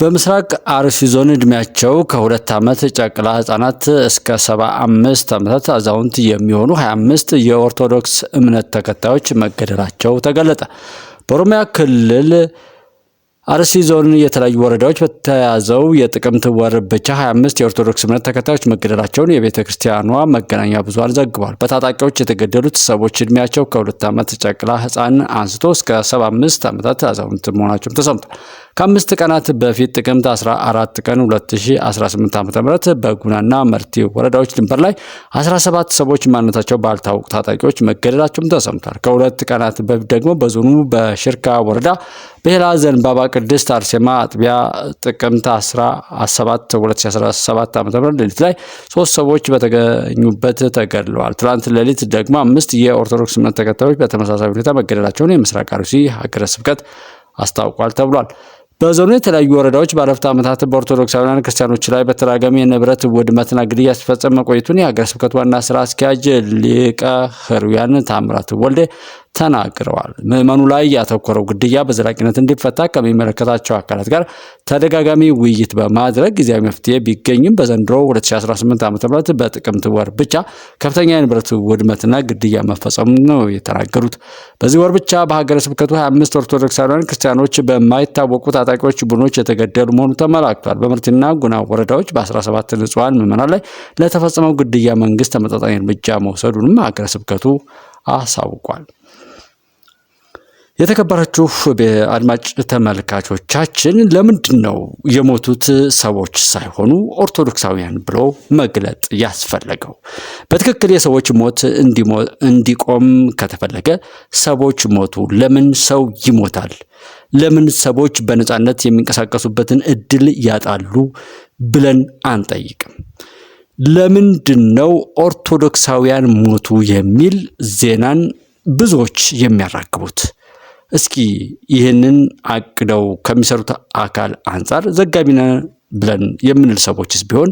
በምስራቅ አርሲ ዞን እድሜያቸው ከሁለት ዓመት ጨቅላ ህጻናት እስከ 75 ዓመታት አዛውንት የሚሆኑ 25 የኦርቶዶክስ እምነት ተከታዮች መገደላቸው ተገለጠ። በኦሮሚያ ክልል አርሲ ዞን የተለያዩ ወረዳዎች በተያዘው የጥቅምት ወር ብቻ 25 የኦርቶዶክስ እምነት ተከታዮች መገደላቸውን የቤተ ክርስቲያኗ መገናኛ ብዙሃን ዘግቧል። በታጣቂዎች የተገደሉት ሰዎች እድሜያቸው ከሁለት ዓመት ጨቅላ ህፃን አንስቶ እስከ 75 ዓመታት አዛውንት መሆናቸውም ተሰምቷል። ከአምስት ቀናት በፊት ጥቅምት 14 ቀን 2018 ዓ ም በጉናና መርቲ ወረዳዎች ድንበር ላይ 17 ሰዎች ማንነታቸው ባልታወቁ ታጣቂዎች መገደላቸውም ተሰምቷል። ከሁለት ቀናት በፊት ደግሞ በዞኑ በሽርካ ወረዳ በሄላ ዘንባባ ቅድስት አርሴማ አጥቢያ ጥቅምት 17 2017 ዓ ም ሌሊት ላይ ሶስት ሰዎች በተገኙበት ተገድለዋል። ትላንት ሌሊት ደግሞ አምስት የኦርቶዶክስ እምነት ተከታዮች በተመሳሳይ ሁኔታ መገደላቸውን የምስራቅ አርሲ ሀገረ ስብከት አስታውቋል ተብሏል። በዞኑ የተለያዩ ወረዳዎች ባለፉት ዓመታት በኦርቶዶክሳውያን ክርስቲያኖች ላይ በተደጋጋሚ የንብረት ውድመትና ግድያ ሲፈጸም መቆየቱን የሀገረ ስብከት ዋና ስራ አስኪያጅ ሊቀ ሕሩያን ታምራት ወልዴ ተናግረዋል። ምዕመኑ ላይ ያተኮረው ግድያ በዘላቂነት እንዲፈታ ከሚመለከታቸው አካላት ጋር ተደጋጋሚ ውይይት በማድረግ ጊዜያዊ መፍትሄ ቢገኝም በዘንድሮ 2018 ዓ ም በጥቅምት ወር ብቻ ከፍተኛ የንብረት ውድመትና ግድያ መፈጸሙ ነው የተናገሩት። በዚህ ወር ብቻ በሀገረ ስብከቱ 25 ኦርቶዶክሳውያን ክርስቲያኖች በማይታወቁት ታጣቂዎች ቡድኖች የተገደሉ መሆኑ ተመላክቷል። በምርትና ጉና ወረዳዎች በ17 ንጹሐን ምዕመናን ላይ ለተፈጸመው ግድያ መንግስት ተመጣጣኝ እርምጃ መውሰዱንም ሀገረ ስብከቱ አሳውቋል። የተከበራችሁ አድማጭ ተመልካቾቻችን ለምንድን ነው የሞቱት ሰዎች ሳይሆኑ ኦርቶዶክሳውያን ብሎ መግለጥ ያስፈለገው? በትክክል የሰዎች ሞት እንዲቆም ከተፈለገ ሰዎች ሞቱ። ለምን ሰው ይሞታል? ለምን ሰዎች በነፃነት የሚንቀሳቀሱበትን እድል ያጣሉ ብለን አንጠይቅም? ለምንድን ነው ኦርቶዶክሳውያን ሞቱ የሚል ዜናን ብዙዎች የሚያራግቡት? እስኪ ይህንን አቅደው ከሚሰሩት አካል አንጻር ዘጋቢነ ብለን የምንል ሰዎችስ ቢሆን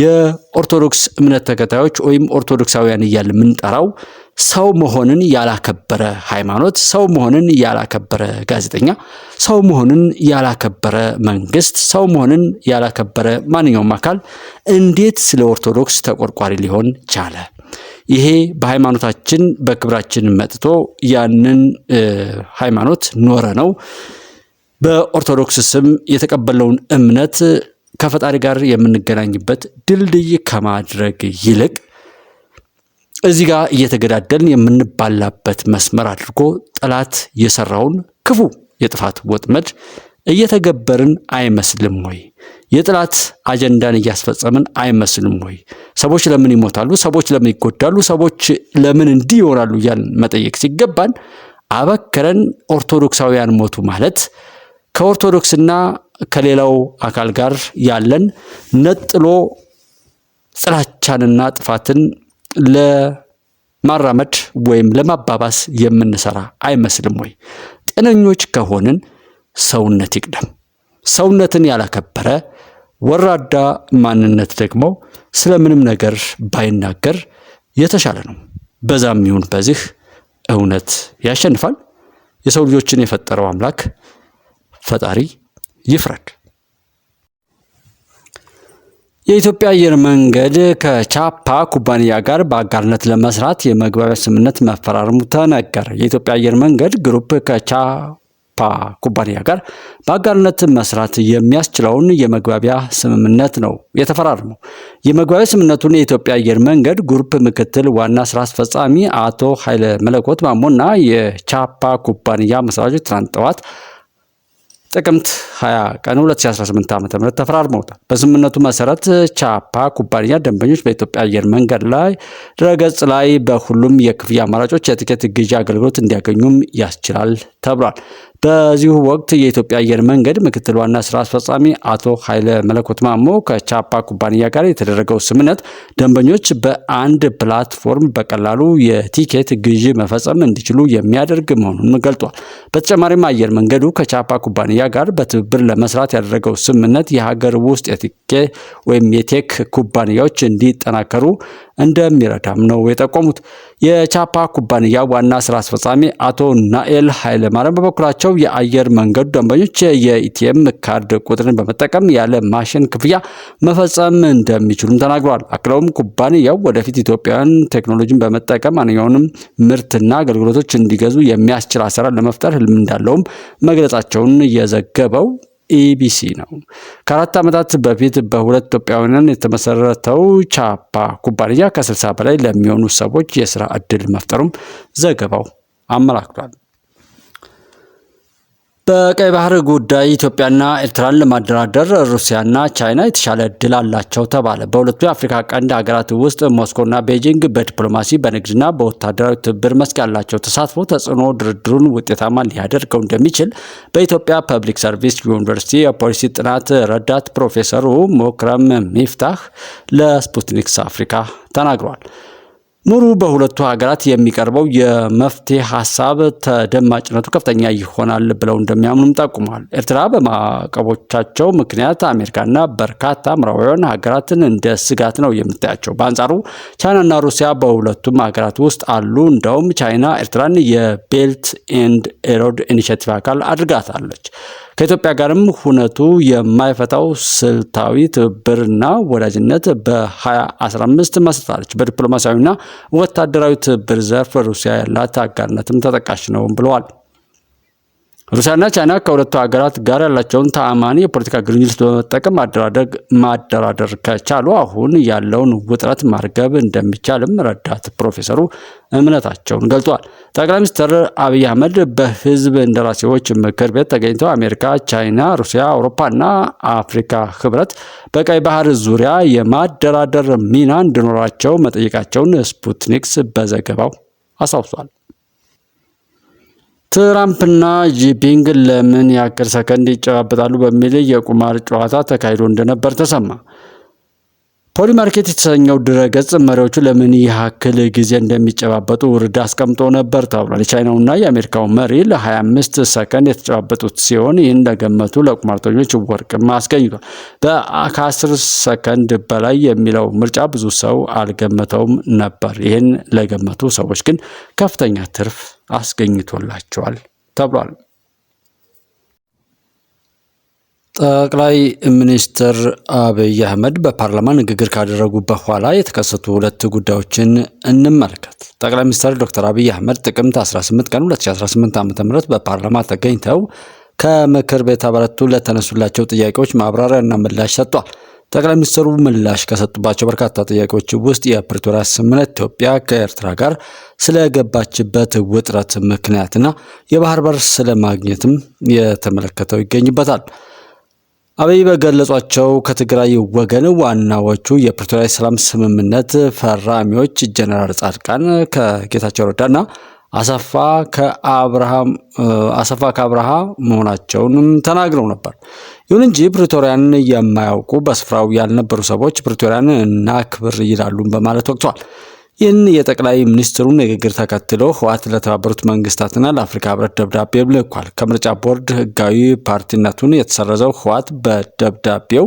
የኦርቶዶክስ እምነት ተከታዮች ወይም ኦርቶዶክሳውያን እያል የምንጠራው ሰው መሆንን ያላከበረ ሃይማኖት፣ ሰው መሆንን ያላከበረ ጋዜጠኛ፣ ሰው መሆንን ያላከበረ መንግስት፣ ሰው መሆንን ያላከበረ ማንኛውም አካል እንዴት ስለ ኦርቶዶክስ ተቆርቋሪ ሊሆን ቻለ? ይሄ በሃይማኖታችን በክብራችን መጥቶ ያንን ሃይማኖት ኖረ ነው። በኦርቶዶክስ ስም የተቀበለውን እምነት ከፈጣሪ ጋር የምንገናኝበት ድልድይ ከማድረግ ይልቅ እዚህ ጋር እየተገዳደልን የምንባላበት መስመር አድርጎ ጠላት የሰራውን ክፉ የጥፋት ወጥመድ እየተገበርን አይመስልም ወይ? የጥላት አጀንዳን እያስፈጸምን አይመስልም ወይ? ሰዎች ለምን ይሞታሉ? ሰዎች ለምን ይጎዳሉ? ሰዎች ለምን እንዲህ ይሆናሉ? እያልን መጠየቅ ሲገባን አበክረን ኦርቶዶክሳውያን ሞቱ ማለት ከኦርቶዶክስና ከሌላው አካል ጋር ያለን ነጥሎ ጥላቻንና ጥፋትን ለማራመድ ወይም ለማባባስ የምንሰራ አይመስልም ወይ? ጤነኞች ከሆንን ሰውነት ይቅደም። ሰውነትን ያላከበረ ወራዳ ማንነት ደግሞ ስለምንም ነገር ባይናገር የተሻለ ነው። በዛም ይሁን በዚህ እውነት ያሸንፋል። የሰው ልጆችን የፈጠረው አምላክ ፈጣሪ ይፍረድ። የኢትዮጵያ አየር መንገድ ከቻፓ ኩባንያ ጋር በአጋርነት ለመስራት የመግባቢያ ስምምነት መፈራረሙ ተነገረ። የኢትዮጵያ አየር መንገድ ግሩፕ ከቻ ኩባንያ ጋር በአጋርነት መስራት የሚያስችለውን የመግባቢያ ስምምነት ነው የተፈራረመው። የመግባቢያ ስምምነቱን የኢትዮጵያ አየር መንገድ ግሩፕ ምክትል ዋና ስራ አስፈጻሚ አቶ ኃይለ መለኮት ማሞና የቻፓ ኩባንያ መስራቾች ትናንት ጠዋት ጥቅምት 20 ቀን 2018 ዓ ም ተፈራርመውታል። በስምምነቱ መሰረት ቻፓ ኩባንያ ደንበኞች በኢትዮጵያ አየር መንገድ ላይ ድረገጽ ላይ በሁሉም የክፍያ አማራጮች የትኬት ግዢ አገልግሎት እንዲያገኙም ያስችላል ተብሏል። በዚሁ ወቅት የኢትዮጵያ አየር መንገድ ምክትል ዋና ስራ አስፈጻሚ አቶ ኃይለ መለኮት ማሞ ከቻፓ ኩባንያ ጋር የተደረገው ስምምነት ደንበኞች በአንድ ፕላትፎርም በቀላሉ የቲኬት ግዢ መፈጸም እንዲችሉ የሚያደርግ መሆኑን ገልጧል። በተጨማሪም አየር መንገዱ ከቻፓ ኩባንያ ጋር በትብብር ለመስራት ያደረገው ስምምነት የሀገር ውስጥ የቲኬ ወይም የቴክ ኩባንያዎች እንዲጠናከሩ እንደሚረዳም ነው የጠቆሙት። የቻፓ ኩባንያ ዋና ስራ አስፈጻሚ አቶ ናኤል ኃይለማርያም በበኩላቸው የአየር መንገዱ ደንበኞች የኢቲኤም ካርድ ቁጥርን በመጠቀም ያለ ማሽን ክፍያ መፈጸም እንደሚችሉም ተናግረዋል። አክለውም ኩባንያው ወደፊት ኢትዮጵያውያን ቴክኖሎጂን በመጠቀም ማንኛውንም ምርትና አገልግሎቶች እንዲገዙ የሚያስችል አሰራር ለመፍጠር ህልም እንዳለውም መግለጻቸውን የዘገበው ኢቢሲ ነው። ከአራት ዓመታት በፊት በሁለት ኢትዮጵያውያን የተመሰረተው ቻፓ ኩባንያ ከ60 በላይ ለሚሆኑ ሰዎች የስራ ዕድል መፍጠሩም ዘገባው አመላክቷል። በቀይ ባህር ጉዳይ ኢትዮጵያና ኤርትራን ለማደራደር ሩሲያና ቻይና የተሻለ እድል አላቸው ተባለ። በሁለቱ የአፍሪካ ቀንድ ሀገራት ውስጥ ሞስኮና ቤጂንግ በዲፕሎማሲ በንግድና በወታደራዊ ትብብር መስክ ያላቸው ተሳትፎ ተጽዕኖ ድርድሩን ውጤታማ ሊያደርገው እንደሚችል በኢትዮጵያ ፐብሊክ ሰርቪስ ዩኒቨርሲቲ የፖሊሲ ጥናት ረዳት ፕሮፌሰሩ ሞክረም ሚፍታህ ለስፑትኒክስ አፍሪካ ተናግሯል። ሙሉ በሁለቱ ሀገራት የሚቀርበው የመፍትሄ ሀሳብ ተደማጭነቱ ከፍተኛ ይሆናል ብለው እንደሚያምኑም ጠቁመዋል። ኤርትራ በማዕቀቦቻቸው ምክንያት አሜሪካና በርካታ ምዕራባውያን ሀገራትን እንደ ስጋት ነው የምታያቸው። በአንጻሩ ቻይናና ሩሲያ በሁለቱም ሀገራት ውስጥ አሉ። እንደውም ቻይና ኤርትራን የቤልት ኤንድ ሮድ ኢኒሽቲቭ አካል አድርጋታለች። ከኢትዮጵያ ጋርም ሁነቱ የማይፈታው ስልታዊ ትብብርና ወዳጅነት በ2015 መስርታለች። በዲፕሎማሲያዊና ወታደራዊ ትብብር ዘርፍ ሩሲያ ያላት አጋርነትም ተጠቃሽ ነው ብለዋል። ሩሲያና ቻይና ከሁለቱ ሀገራት ጋር ያላቸውን ተአማኒ የፖለቲካ ግንኙነት በመጠቀም ማደራደግ ማደራደር ከቻሉ አሁን ያለውን ውጥረት ማርገብ እንደሚቻልም ረዳት ፕሮፌሰሩ እምነታቸውን ገልጧል። ጠቅላይ ሚኒስትር አብይ አህመድ በህዝብ እንደራሴዎች ምክር ቤት ተገኝተው አሜሪካ፣ ቻይና፣ ሩሲያ፣ አውሮፓና አፍሪካ ህብረት በቀይ ባህር ዙሪያ የማደራደር ሚና እንዲኖራቸው መጠየቃቸውን ስፑትኒክስ በዘገባው አስታውሷል። ትራምፕና ጂፒንግ ለምን ያክል ሰከንድ ይጨባበጣሉ በሚል የቁማር ጨዋታ ተካሂዶ እንደነበር ተሰማ። ፖሊማርኬት የተሰኘው ድረገጽ መሪዎቹ ለምን ያህል ጊዜ እንደሚጨባበጡ ውርድ አስቀምጦ ነበር ተብሏል። የቻይናውና የአሜሪካው መሪ ለ25 ሰከንድ የተጨባበጡት ሲሆን ይህን ለገመቱ ለቁማርተኞች ወርቅም አስገኝቷል። በከ10 ሰከንድ በላይ የሚለው ምርጫ ብዙ ሰው አልገመተውም ነበር። ይህን ለገመቱ ሰዎች ግን ከፍተኛ ትርፍ አስገኝቶላቸዋል ተብሏል። ጠቅላይ ሚኒስትር አብይ አህመድ በፓርላማ ንግግር ካደረጉ በኋላ የተከሰቱ ሁለት ጉዳዮችን እንመልከት። ጠቅላይ ሚኒስትር ዶክተር አብይ አህመድ ጥቅምት 18 ቀን 2018 ዓ.ም በፓርላማ ተገኝተው ከምክር ቤት አባላቱ ለተነሱላቸው ጥያቄዎች ማብራሪያና ምላሽ ሰጥቷል። ጠቅላይ ሚኒስትሩ ምላሽ ከሰጡባቸው በርካታ ጥያቄዎች ውስጥ የፕሪቶሪያ ስምምነት ኢትዮጵያ ከኤርትራ ጋር ስለገባችበት ውጥረት ምክንያትና የባህር በር ስለማግኘትም የተመለከተው ይገኝበታል። አብይ በገለጿቸው ከትግራይ ወገን ዋናዎቹ የፕሪቶሪያ ሰላም ስምምነት ፈራሚዎች ጀነራል ጻድቃን ከጌታቸው ረዳና አሰፋ ከአብርሃም አሰፋ ከአብርሃ መሆናቸውንም ተናግረው ነበር። ይሁን እንጂ ፕሪቶሪያን የማያውቁ በስፍራው ያልነበሩ ሰዎች ፕሪቶሪያን እናክብር ይላሉ በማለት ወቅተዋል። ይህን የጠቅላይ ሚኒስትሩን ንግግር ተከትሎ ህወሓት ለተባበሩት መንግስታትና ለአፍሪካ ህብረት ደብዳቤ ልኳል። ከምርጫ ቦርድ ህጋዊ ፓርቲነቱን የተሰረዘው ህወሓት በደብዳቤው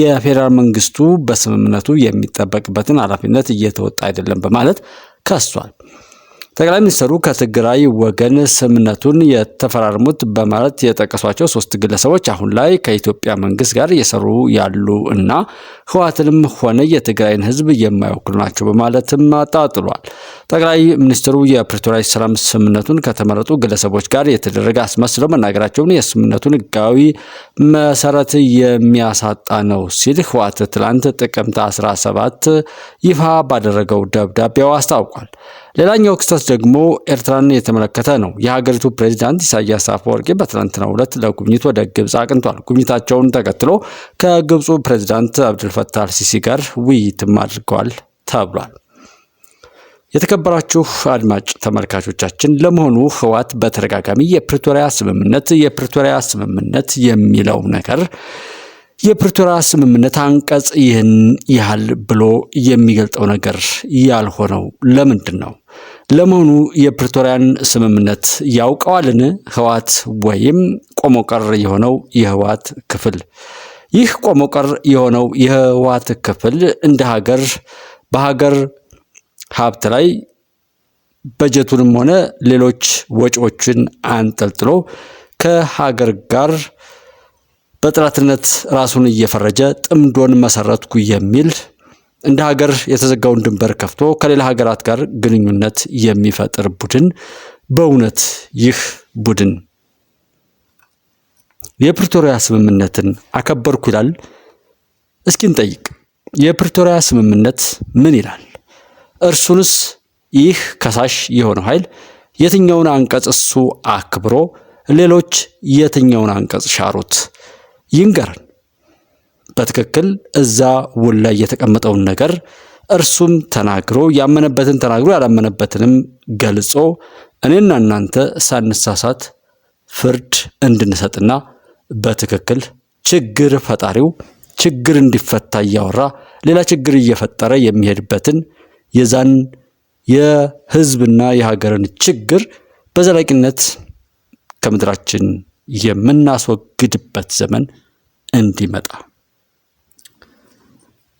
የፌዴራል መንግስቱ በስምምነቱ የሚጠበቅበትን ኃላፊነት እየተወጣ አይደለም በማለት ከሷል። ጠቅላይ ሚኒስትሩ ከትግራይ ወገን ስምምነቱን የተፈራረሙት በማለት የጠቀሷቸው ሶስት ግለሰቦች አሁን ላይ ከኢትዮጵያ መንግስት ጋር እየሰሩ ያሉ እና ህወሓትንም ሆነ የትግራይን ህዝብ የማይወክሉ ናቸው በማለትም አጣጥሏል። ጠቅላይ ሚኒስትሩ የፕሪቶሪያ ሰላም ስምምነቱን ከተመረጡ ግለሰቦች ጋር የተደረገ አስመስለው መናገራቸውን የስምምነቱን ህጋዊ መሰረት የሚያሳጣ ነው ሲል ህወሓት ትላንት ጥቅምት 17 ይፋ ባደረገው ደብዳቤው አስታውቋል። ሌላኛው ክስተት ደግሞ ኤርትራን የተመለከተ ነው። የሀገሪቱ ፕሬዚዳንት ኢሳያስ አፈወርቂ በትናንትናው ዕለት ለጉብኝት ወደ ግብፅ አቅንቷል። ጉብኝታቸውን ተከትሎ ከግብፁ ፕሬዚዳንት አብዱልፈታህ አልሲሲ ጋር ውይይትም አድርገዋል ተብሏል። የተከበራችሁ አድማጭ ተመልካቾቻችን፣ ለመሆኑ ህወሓት በተደጋጋሚ የፕሪቶሪያ ስምምነት የፕሪቶሪያ ስምምነት የሚለው ነገር የፕሪቶሪያ ስምምነት አንቀጽ ይህን ያህል ብሎ የሚገልጠው ነገር ያልሆነው ለምንድን ነው? ለመሆኑ የፕሪቶሪያን ስምምነት ያውቀዋልን? ህወሓት ወይም ቆሞቀር የሆነው የህወሓት ክፍል? ይህ ቆሞቀር የሆነው የህወሓት ክፍል እንደ ሀገር በሀገር ሀብት ላይ በጀቱንም ሆነ ሌሎች ወጪዎችን አንጠልጥሎ ከሀገር ጋር በጥላትነት ራሱን እየፈረጀ ጥምዶን መሰረትኩ የሚል እንደ ሀገር የተዘጋውን ድንበር ከፍቶ ከሌላ ሀገራት ጋር ግንኙነት የሚፈጥር ቡድን በእውነት ይህ ቡድን የፕሪቶሪያ ስምምነትን አከበርኩ ይላል። እስኪ እንጠይቅ፣ የፕሪቶሪያ ስምምነት ምን ይላል? እርሱንስ ይህ ከሳሽ የሆነው ኃይል የትኛውን አንቀጽ እሱ አክብሮ ሌሎች የትኛውን አንቀጽ ሻሩት? ይንገረን። በትክክል እዛ ውል ላይ የተቀመጠውን ነገር እርሱም ተናግሮ ያመነበትን ተናግሮ ያላመነበትንም ገልጾ እኔና እናንተ ሳንሳሳት ፍርድ እንድንሰጥና በትክክል ችግር ፈጣሪው ችግር እንዲፈታ እያወራ ሌላ ችግር እየፈጠረ የሚሄድበትን የዛን የሕዝብና የሀገርን ችግር በዘላቂነት ከምድራችን የምናስወግድበት ዘመን እንዲመጣ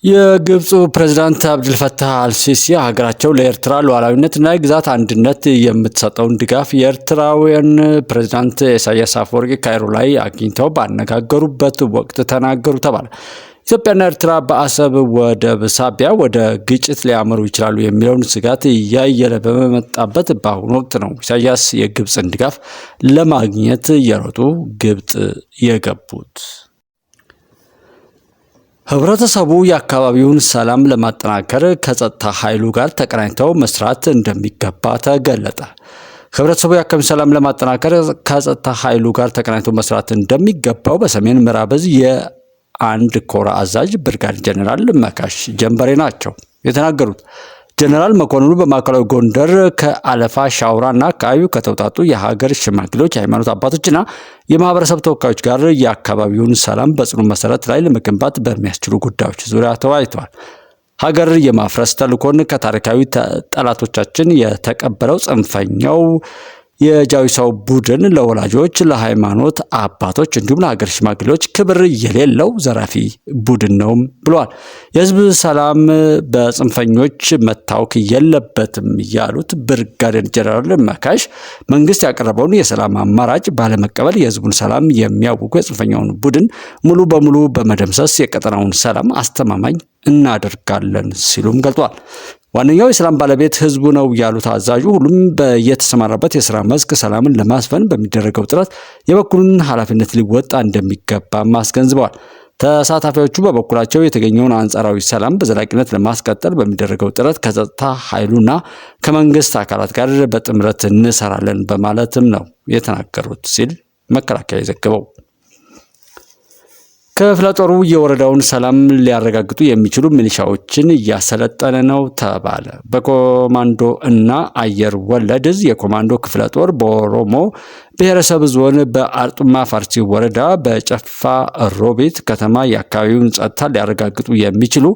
የግብፁ ፕሬዝዳንት አብድልፈታህ አልሲሲ ሀገራቸው ለኤርትራ ሉዓላዊነትና የግዛት አንድነት የምትሰጠውን ድጋፍ የኤርትራውያን ፕሬዝዳንት ኢሳያስ አፈወርቂ ካይሮ ላይ አግኝተው ባነጋገሩበት ወቅት ተናገሩ ተባለ። ኢትዮጵያና ኤርትራ በአሰብ ወደብ ሳቢያ ወደ ግጭት ሊያመሩ ይችላሉ የሚለውን ስጋት እያየለ በመመጣበት በአሁኑ ወቅት ነው ኢሳያስ የግብፅን ድጋፍ ለማግኘት እየሮጡ ግብፅ የገቡት። ህብረተሰቡ የአካባቢውን ሰላም ለማጠናከር ከጸጥታ ኃይሉ ጋር ተቀናኝተው መስራት እንደሚገባ ተገለጠ። ህብረተሰቡ የአካባቢውን ሰላም ለማጠናከር ከጸጥታ ኃይሉ ጋር ተቀናኝቶ መስራት እንደሚገባው በሰሜን ምዕራብ የአንድ ኮር አዛዥ ብርጋድ ጀኔራል መካሽ ጀንበሬ ናቸው የተናገሩት። ጀነራል መኮንኑ በማዕከላዊ ጎንደር ከአለፋ ሻውራና አካባቢው ከተውጣጡ የሀገር ሽማግሌዎች፣ የሃይማኖት አባቶችና የማህበረሰብ ተወካዮች ጋር የአካባቢውን ሰላም በጽኑ መሰረት ላይ ለመገንባት በሚያስችሉ ጉዳዮች ዙሪያ ተወያይተዋል። ሀገር የማፍረስ ተልኮን ከታሪካዊ ጠላቶቻችን የተቀበለው ጽንፈኛው የጃዊሳው ቡድን ለወላጆች፣ ለሃይማኖት አባቶች እንዲሁም ለሀገር ሽማግሌዎች ክብር የሌለው ዘራፊ ቡድን ነውም ብሏል። የህዝብ ሰላም በጽንፈኞች መታወክ የለበትም ያሉት ብርጋዴር ጀነራል መካሽ መንግስት ያቀረበውን የሰላም አማራጭ ባለመቀበል የህዝቡን ሰላም የሚያውቁ የጽንፈኛውን ቡድን ሙሉ በሙሉ በመደምሰስ የቀጠናውን ሰላም አስተማማኝ እናደርጋለን ሲሉም ገልጧል። ዋነኛው የሰላም ባለቤት ህዝቡ ነው ያሉት አዛዡ ሁሉም በየተሰማራበት የስራ መስክ ሰላምን ለማስፈን በሚደረገው ጥረት የበኩሉን ኃላፊነት ሊወጣ እንደሚገባም አስገንዝበዋል። ተሳታፊዎቹ በበኩላቸው የተገኘውን አንጻራዊ ሰላም በዘላቂነት ለማስቀጠል በሚደረገው ጥረት ከጸጥታ ኃይሉና ከመንግስት አካላት ጋር በጥምረት እንሰራለን በማለትም ነው የተናገሩት ሲል መከላከያ የዘገበው። ክፍለ ጦሩ የወረዳውን ሰላም ሊያረጋግጡ የሚችሉ ሚሊሻዎችን እያሰለጠነ ነው ተባለ። በኮማንዶ እና አየር ወለድ የኮማንዶ ክፍለ ጦር በኦሮሞ ብሔረሰብ ዞን በአርጡማ ፋርሲ ወረዳ በጨፋ ሮቤት ከተማ የአካባቢውን ጸጥታ ሊያረጋግጡ የሚችሉ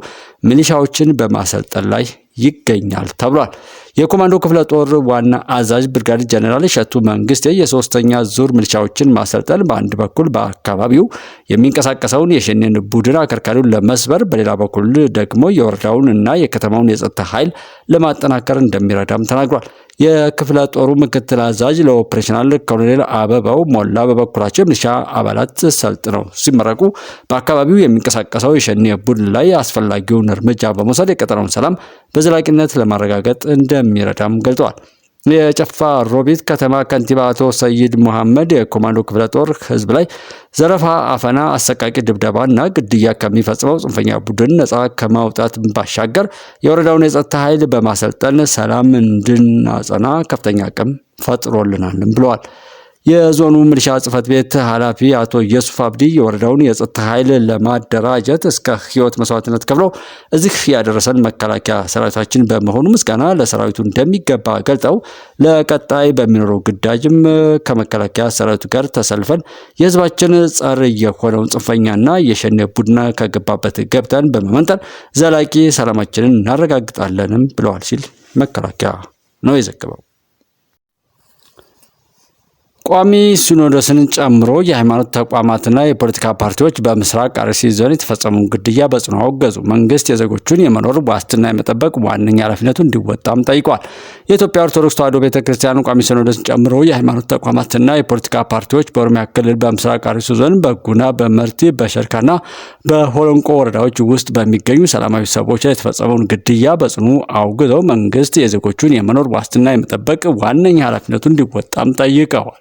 ሚሊሻዎችን በማሰልጠን ላይ ይገኛል ተብሏል። የኮማንዶ ክፍለ ጦር ዋና አዛዥ ብርጋድ ጀኔራል እሸቱ መንግስቴ የሶስተኛ ዙር ምልሻዎችን ማሰልጠን በአንድ በኩል በአካባቢው የሚንቀሳቀሰውን የሸኔን ቡድን አከርካሪውን ለመስበር፣ በሌላ በኩል ደግሞ የወረዳውን እና የከተማውን የጸጥታ ኃይል ለማጠናከር እንደሚረዳም ተናግሯል። የክፍለ ጦሩ ምክትል አዛዥ ለኦፕሬሽናል ኮሎኔል አበባው ሞላ በበኩላቸው የሚሊሻ አባላት ሰልጥነው ሲመረቁ በአካባቢው የሚንቀሳቀሰው የሸኔ ቡድን ላይ አስፈላጊውን እርምጃ በመውሰድ የቀጠናውን ሰላም በዘላቂነት ለማረጋገጥ እንደሚረዳም ገልጠዋል። የጨፋ ሮቢት ከተማ ከንቲባ አቶ ሰይድ መሐመድ የኮማንዶ ክፍለ ጦር ህዝብ ላይ ዘረፋ፣ አፈና፣ አሰቃቂ ድብደባና ግድያ ከሚፈጽመው ጽንፈኛ ቡድን ነጻ ከማውጣት ባሻገር የወረዳውን የጸጥታ ኃይል በማሰልጠን ሰላም እንድናጸና ከፍተኛ አቅም ፈጥሮልናልም ብለዋል። የዞኑ ምልሻ ጽህፈት ቤት ኃላፊ አቶ ዮሱፍ አብዲ የወረዳውን የጸጥታ ኃይል ለማደራጀት እስከ ህይወት መስዋዕትነት ከፍለው እዚህ ያደረሰን መከላከያ ሰራዊታችን በመሆኑ ምስጋና ለሰራዊቱ እንደሚገባ ገልጠው ለቀጣይ በሚኖረው ግዳጅም ከመከላከያ ሰራዊቱ ጋር ተሰልፈን የህዝባችን ጸር የሆነውን ጽንፈኛና የሸኔ ቡድን ከገባበት ገብተን በመመንጠር ዘላቂ ሰላማችንን እናረጋግጣለንም ብለዋል ሲል መከላከያ ነው የዘገበው። ቋሚ ሲኖዶስን ጨምሮ የሃይማኖት ተቋማትና የፖለቲካ ፓርቲዎች በምስራቅ አርሲ ዞን የተፈጸመውን ግድያ በጽኑ አወገዙ። መንግስት የዜጎቹን የመኖር ዋስትና የመጠበቅ ዋነኛ ኃላፊነቱ እንዲወጣም ጠይቋል። የኢትዮጵያ ኦርቶዶክስ ተዋሕዶ ቤተ ክርስቲያን ቋሚ ሲኖዶስን ጨምሮ የሃይማኖት ተቋማትና የፖለቲካ ፓርቲዎች በኦሮሚያ ክልል በምስራቅ አርሲ ዞን በጉና በመርቲ በሸርካና በሆለንቆ ወረዳዎች ውስጥ በሚገኙ ሰላማዊ ሰዎች ላይ የተፈጸመውን ግድያ በጽኑ አውግዘው መንግስት የዜጎቹን የመኖር ዋስትና የመጠበቅ ዋነኛ ኃላፊነቱ እንዲወጣም ጠይቀዋል።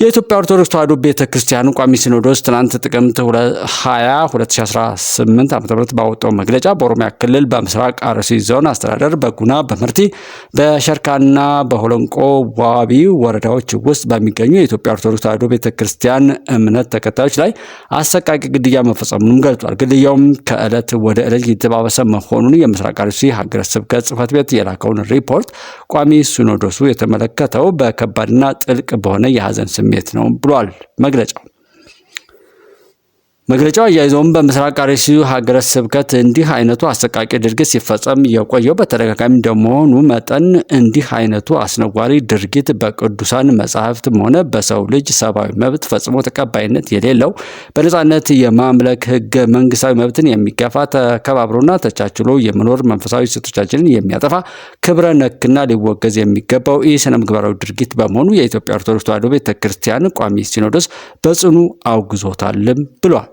የኢትዮጵያ ኦርቶዶክስ ተዋሕዶ ቤተ ክርስቲያን ቋሚ ሲኖዶስ ትናንት ጥቅምት 20 2018 ዓ ም ባወጣው መግለጫ በኦሮሚያ ክልል በምስራቅ አርሲ ዞን አስተዳደር በጉና በምርቲ በሸርካና በሆለንቆ ዋቢ ወረዳዎች ውስጥ በሚገኙ የኢትዮጵያ ኦርቶዶክስ ተዋሕዶ ቤተ ክርስቲያን እምነት ተከታዮች ላይ አሰቃቂ ግድያ መፈጸሙንም ገልጿል። ግድያውም ከዕለት ወደ ዕለት እየተባበሰ መሆኑን የምስራቅ አርሲ ሀገረ ስብከት ጽሕፈት ቤት የላከውን ሪፖርት ቋሚ ሲኖዶሱ የተመለከተው በከባድና ጥልቅ በሆነ የሐዘን ስሜት ነው ብሏል መግለጫው። መግለጫው አያይዘውም በምስራቅ አርሲ ሀገረ ስብከት እንዲህ አይነቱ አሰቃቂ ድርጊት ሲፈጸም የቆየው በተደጋጋሚ እንደመሆኑ መጠን እንዲህ አይነቱ አስነዋሪ ድርጊት በቅዱሳን መጻሕፍትም ሆነ በሰው ልጅ ሰብአዊ መብት ፈጽሞ ተቀባይነት የሌለው በነጻነት የማምለክ ህገ መንግስታዊ መብትን የሚገፋ ተከባብሮና ተቻችሎ የመኖር መንፈሳዊ እሴቶቻችንን የሚያጠፋ ክብረ ነክና ሊወገዝ የሚገባው ይህ ስነ ምግባራዊ ድርጊት በመሆኑ የኢትዮጵያ ኦርቶዶክስ ተዋሕዶ ቤተክርስቲያን ቋሚ ሲኖዶስ በጽኑ አውግዞታልም ብሏል።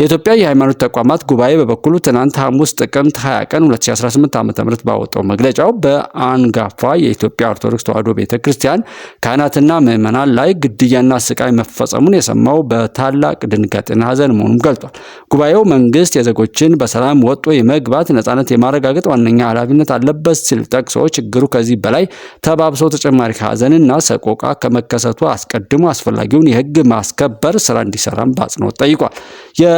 የኢትዮጵያ የሃይማኖት ተቋማት ጉባኤ በበኩሉ ትናንት ሐሙስ ጥቅምት 20 ቀን 2018 ዓ ም ባወጣው መግለጫው በአንጋፋ የኢትዮጵያ ኦርቶዶክስ ተዋሕዶ ቤተ ክርስቲያን ካህናትና ምዕመናን ላይ ግድያና ስቃይ መፈጸሙን የሰማው በታላቅ ድንጋጤና ሐዘን መሆኑን ገልጧል። ጉባኤው መንግስት የዜጎችን በሰላም ወጦ የመግባት ነፃነት የማረጋገጥ ዋነኛ ኃላፊነት አለበት ሲል ጠቅሶ ችግሩ ከዚህ በላይ ተባብሶ ተጨማሪ ሐዘንና ሰቆቃ ከመከሰቱ አስቀድሞ አስፈላጊውን የህግ ማስከበር ስራ እንዲሰራም በአጽንኦት ጠይቋል።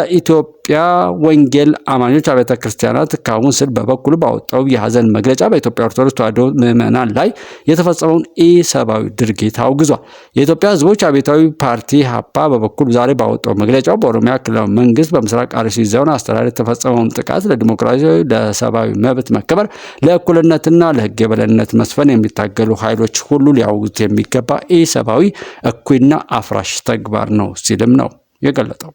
በኢትዮጵያ ወንጌል አማኞች አብያተ ክርስቲያናት ስል በበኩሉ ባወጣው የሀዘን መግለጫ በኢትዮጵያ ኦርቶዶክስ ተዋሕዶ ምዕመናን ላይ የተፈጸመውን ኢሰብአዊ ድርጊት አውግዟል። የኢትዮጵያ ሕዝቦች አብዮታዊ ፓርቲ ሀፓ በበኩል ዛሬ ባወጣው መግለጫው በኦሮሚያ ክልላዊ መንግስት በምስራቅ አርሲ ዞን አስተዳደር የተፈጸመውን ጥቃት ለዲሞክራሲያዊ፣ ለሰብአዊ መብት መከበር፣ ለእኩልነትና ለህግ የበላይነት መስፈን የሚታገሉ ኃይሎች ሁሉ ሊያውጉት የሚገባ ኢሰብአዊ እኩይና አፍራሽ ተግባር ነው ሲልም ነው የገለጠው።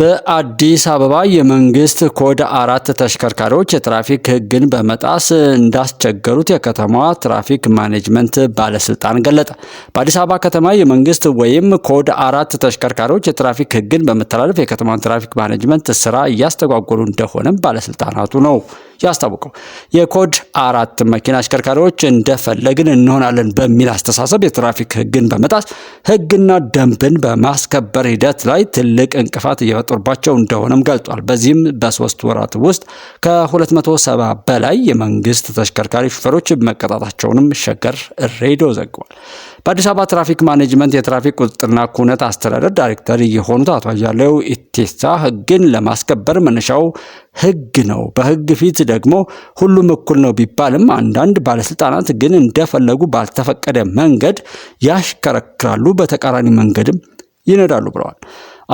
በአዲስ አበባ የመንግስት ኮድ አራት ተሽከርካሪዎች የትራፊክ ሕግን በመጣስ እንዳስቸገሩት የከተማዋ ትራፊክ ማኔጅመንት ባለስልጣን ገለጠ። በአዲስ አበባ ከተማ የመንግስት ወይም ኮድ አራት ተሽከርካሪዎች የትራፊክ ሕግን በመተላለፍ የከተማን ትራፊክ ማኔጅመንት ስራ እያስተጓጎሉ እንደሆነም ባለስልጣናቱ ነው ያስታወቀው። የኮድ አራት መኪና አሽከርካሪዎች እንደፈለግን እንሆናለን በሚል አስተሳሰብ የትራፊክ ሕግን በመጣስ ሕግና ደንብን በማስከበር ሂደት ላይ ትልቅ እንቅፋት እየፈ እየተጠረጠሩባቸው እንደሆነም ገልጧል። በዚህም በሶስት ወራት ውስጥ ከ270 በላይ የመንግስት ተሽከርካሪ ሹፌሮች መቀጣታቸውንም ሸገር ሬዲዮ ዘግቧል። በአዲስ አበባ ትራፊክ ማኔጅመንት የትራፊክ ቁጥጥርና ኩነት አስተዳደር ዳይሬክተር የሆኑት አቶ አያሌው ኢቴሳ ህግን ለማስከበር መነሻው ህግ ነው፣ በህግ ፊት ደግሞ ሁሉም እኩል ነው ቢባልም አንዳንድ ባለስልጣናት ግን እንደፈለጉ ባልተፈቀደ መንገድ ያሽከረክራሉ፣ በተቃራኒ መንገድም ይነዳሉ ብለዋል።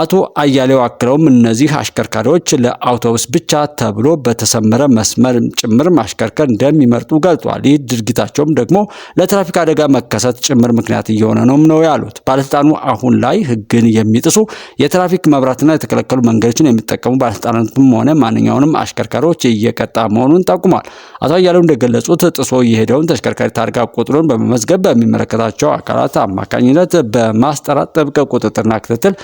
አቶ አያሌው አክለውም እነዚህ አሽከርካሪዎች ለአውቶቡስ ብቻ ተብሎ በተሰመረ መስመር ጭምር ማሽከርከር እንደሚመርጡ ገልጧል። ይህ ድርጊታቸውም ደግሞ ለትራፊክ አደጋ መከሰት ጭምር ምክንያት እየሆነ ነው ነው ያሉት ባለስልጣኑ አሁን ላይ ህግን የሚጥሱ የትራፊክ መብራትና የተከለከሉ መንገዶችን የሚጠቀሙ ባለስልጣናትም ሆነ ማንኛውንም አሽከርካሪዎች እየቀጣ መሆኑን ጠቁሟል። አቶ አያሌው እንደገለጹት ጥሶ የሄደውን ተሽከርካሪ ታርጋ ቁጥሩን በመመዝገብ በሚመለከታቸው አካላት አማካኝነት በማስጠራት ጥብቅ ቁጥጥርና ክትትል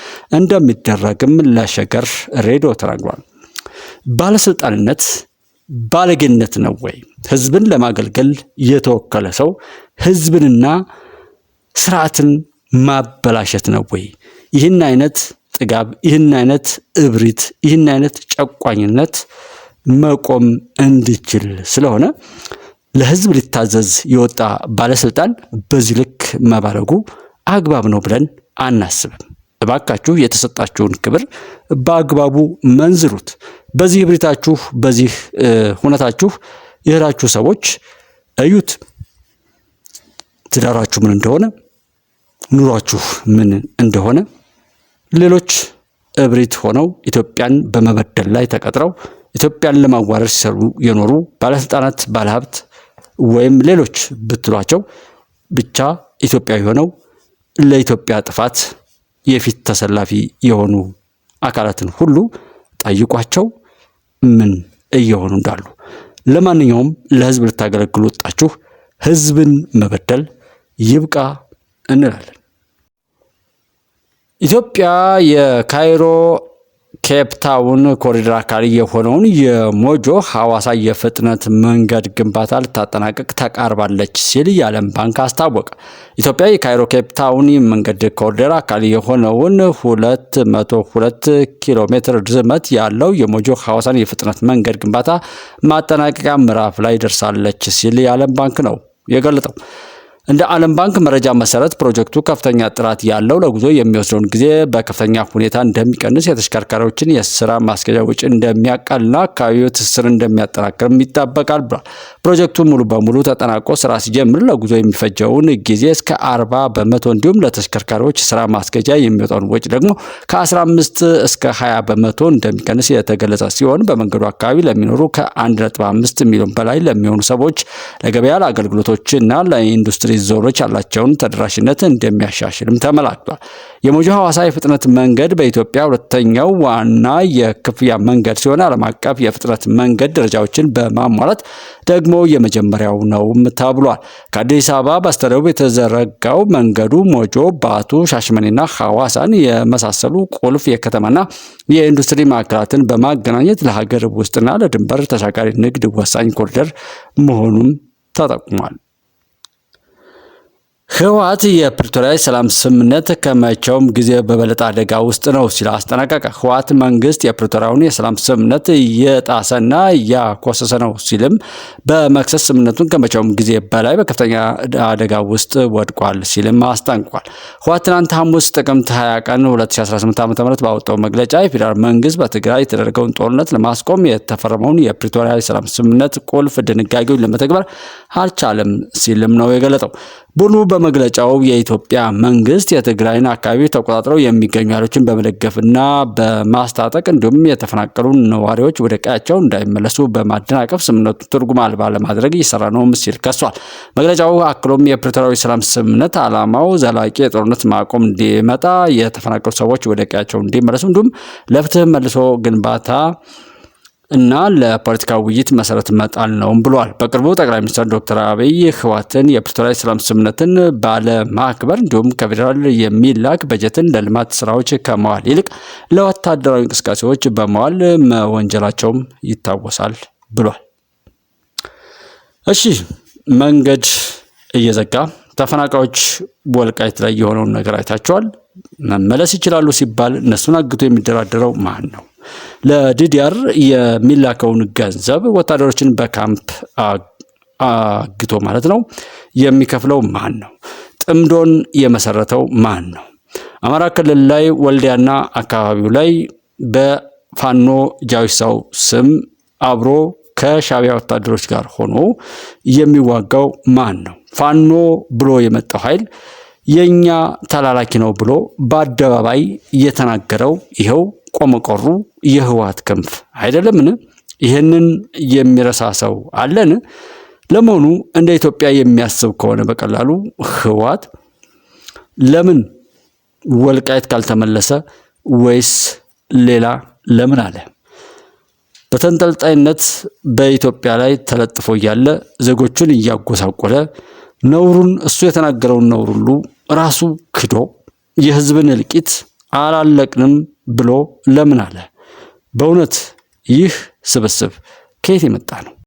እንደ እንደሚደረግም ለሸገር ሬዲዮ ተናግሯል። ባለስልጣንነት ባለጌነት ነው ወይ? ህዝብን ለማገልገል የተወከለ ሰው ህዝብንና ስርዓትን ማበላሸት ነው ወይ? ይህን አይነት ጥጋብ፣ ይህን አይነት እብሪት፣ ይህን አይነት ጨቋኝነት መቆም እንዲችል ስለሆነ ለህዝብ ሊታዘዝ የወጣ ባለስልጣን በዚህ ልክ መባረጉ አግባብ ነው ብለን አናስብም። እባካችሁ የተሰጣችሁን ክብር በአግባቡ መንዝሩት። በዚህ እብሪታችሁ፣ በዚህ ሁነታችሁ የእህራችሁ ሰዎች እዩት። ትዳራችሁ ምን እንደሆነ፣ ኑሯችሁ ምን እንደሆነ ሌሎች እብሪት ሆነው ኢትዮጵያን በመበደል ላይ ተቀጥረው ኢትዮጵያን ለማዋረድ ሲሰሩ የኖሩ ባለስልጣናት፣ ባለሀብት ወይም ሌሎች ብትሏቸው ብቻ ኢትዮጵያዊ ሆነው ለኢትዮጵያ ጥፋት የፊት ተሰላፊ የሆኑ አካላትን ሁሉ ጠይቋቸው ምን እየሆኑ እንዳሉ። ለማንኛውም ለህዝብ ልታገለግሉ ወጣችሁ ህዝብን መበደል ይብቃ እንላለን። ኢትዮጵያ የካይሮ ኬፕታውን ኮሪደር አካል የሆነውን የሞጆ ሐዋሳ የፍጥነት መንገድ ግንባታ ልታጠናቀቅ ተቃርባለች ሲል የዓለም ባንክ አስታወቀ። ኢትዮጵያ የካይሮ ኬፕታውን መንገድ ኮሪደር አካል የሆነውን 202 ኪሎ ሜትር ርዝመት ያለው የሞጆ ሐዋሳን የፍጥነት መንገድ ግንባታ ማጠናቀቂያ ምዕራፍ ላይ ደርሳለች ሲል የዓለም ባንክ ነው የገለጠው። እንደ ዓለም ባንክ መረጃ መሰረት ፕሮጀክቱ ከፍተኛ ጥራት ያለው ለጉዞ የሚወስደውን ጊዜ በከፍተኛ ሁኔታ እንደሚቀንስ፣ የተሽከርካሪዎችን የስራ ማስኬጃ ወጪ እንደሚያቀልና አካባቢው ትስስር እንደሚያጠናክርም ይጠበቃል ብሏል። ፕሮጀክቱ ሙሉ በሙሉ ተጠናቆ ስራ ሲጀምር ለጉዞ የሚፈጀውን ጊዜ እስከ 40 በመቶ እንዲሁም ለተሽከርካሪዎች ስራ ማስኬጃ የሚወጣውን ወጪ ደግሞ ከ15 እስከ 20 በመቶ እንደሚቀንስ የተገለጸ ሲሆን በመንገዱ አካባቢ ለሚኖሩ ከ1.5 ሚሊዮን በላይ ለሚሆኑ ሰዎች ለገበያ ለአገልግሎቶችና ለኢንዱስትሪ የአትሌት ዞኖች ያላቸውን ተደራሽነት እንደሚያሻሽልም ተመላክቷል። የሞጆ ሐዋሳ የፍጥነት መንገድ በኢትዮጵያ ሁለተኛው ዋና የክፍያ መንገድ ሲሆን ዓለም አቀፍ የፍጥነት መንገድ ደረጃዎችን በማሟላት ደግሞ የመጀመሪያው ነውም ተብሏል። ከአዲስ አበባ በስተደቡብ የተዘረጋው መንገዱ ሞጆ፣ ባቱ፣ ሻሽመኔና ሐዋሳን የመሳሰሉ ቁልፍ የከተማና የኢንዱስትሪ ማዕከላትን በማገናኘት ለሀገር ውስጥና ለድንበር ተሻጋሪ ንግድ ወሳኝ ኮሪደር መሆኑም ተጠቁሟል። ህወሓት የፕሪቶሪያ የሰላም ስምምነት ከመቼውም ጊዜ በበለጠ አደጋ ውስጥ ነው ሲል አስጠናቀቀ። ህወሓት መንግስት የፕሪቶሪያውን የሰላም ስምምነት እየጣሰና እያኮሰሰ ነው ሲልም በመክሰስ ስምምነቱን ከመቼውም ጊዜ በላይ በከፍተኛ አደጋ ውስጥ ወድቋል ሲልም አስጠንቅቋል። ህወሓት ትናንት ሐሙስ ጥቅምት 20 ቀን 2018 ዓ ም ባወጣው መግለጫ የፌዴራል መንግስት በትግራይ የተደረገውን ጦርነት ለማስቆም የተፈረመውን የፕሪቶሪያ የሰላም ስምምነት ቁልፍ ድንጋጌውን ለመተግበር አልቻለም ሲልም ነው የገለጠው ቡድኑ በመግለጫው የኢትዮጵያ መንግስት የትግራይን አካባቢ ተቆጣጥረው የሚገኙ ኃይሎችን በመደገፍና በማስታጠቅ እንዲሁም የተፈናቀሉ ነዋሪዎች ወደ ቀያቸው እንዳይመለሱ በማደናቀፍ ስምምነቱን ትርጉም አልባ ለማድረግ እየሰራ ነው ሲል ከሷል። መግለጫው አክሎም የፕሪቶሪያዊ ሰላም ስምምነት ዓላማው ዘላቂ የጦርነት ማቆም እንዲመጣ፣ የተፈናቀሉ ሰዎች ወደ ቀያቸው እንዲመለሱ እንዲሁም ለፍትህ መልሶ ግንባታ እና ለፖለቲካ ውይይት መሰረት መጣል ነው ብሏል። በቅርቡ ጠቅላይ ሚኒስትር ዶክተር አብይ ህወሓትን የፕሪቶሪያ ሰላም ስምምነትን ባለማክበር እንዲሁም ከፌዴራል የሚላክ በጀትን ለልማት ስራዎች ከመዋል ይልቅ ለወታደራዊ እንቅስቃሴዎች በመዋል መወንጀላቸውም ይታወሳል ብሏል። እሺ መንገድ እየዘጋ ተፈናቃዮች ወልቃይት ላይ የሆነውን ነገር አይታቸዋል። መመለስ ይችላሉ ሲባል እነሱን አግቶ የሚደራደረው ማን ነው? ለዲዲአር የሚላከውን ገንዘብ ወታደሮችን በካምፕ አግቶ ማለት ነው የሚከፍለው ማን ነው? ጥምዶን የመሰረተው ማን ነው? አማራ ክልል ላይ ወልዲያና አካባቢው ላይ በፋኖ ጃዊሳው ስም አብሮ ከሻቢያ ወታደሮች ጋር ሆኖ የሚዋጋው ማን ነው? ፋኖ ብሎ የመጣው ኃይል የእኛ ተላላኪ ነው ብሎ በአደባባይ የተናገረው ይኸው ቆመቆሩ የህወሓት ክንፍ አይደለምን? ይህንን የሚረሳ ሰው አለን? ለመሆኑ እንደ ኢትዮጵያ የሚያስብ ከሆነ በቀላሉ ህወሓት ለምን ወልቃይት ካልተመለሰ ወይስ ሌላ ለምን አለ? በተንጠልጣይነት በኢትዮጵያ ላይ ተለጥፎ እያለ ዜጎቹን እያጎሳቆለ ነውሩን እሱ የተናገረውን ነውር ሁሉ ራሱ ክዶ የህዝብን እልቂት አላለቅንም ብሎ ለምን አለ? በእውነት ይህ ስብስብ ከየት የመጣ ነው?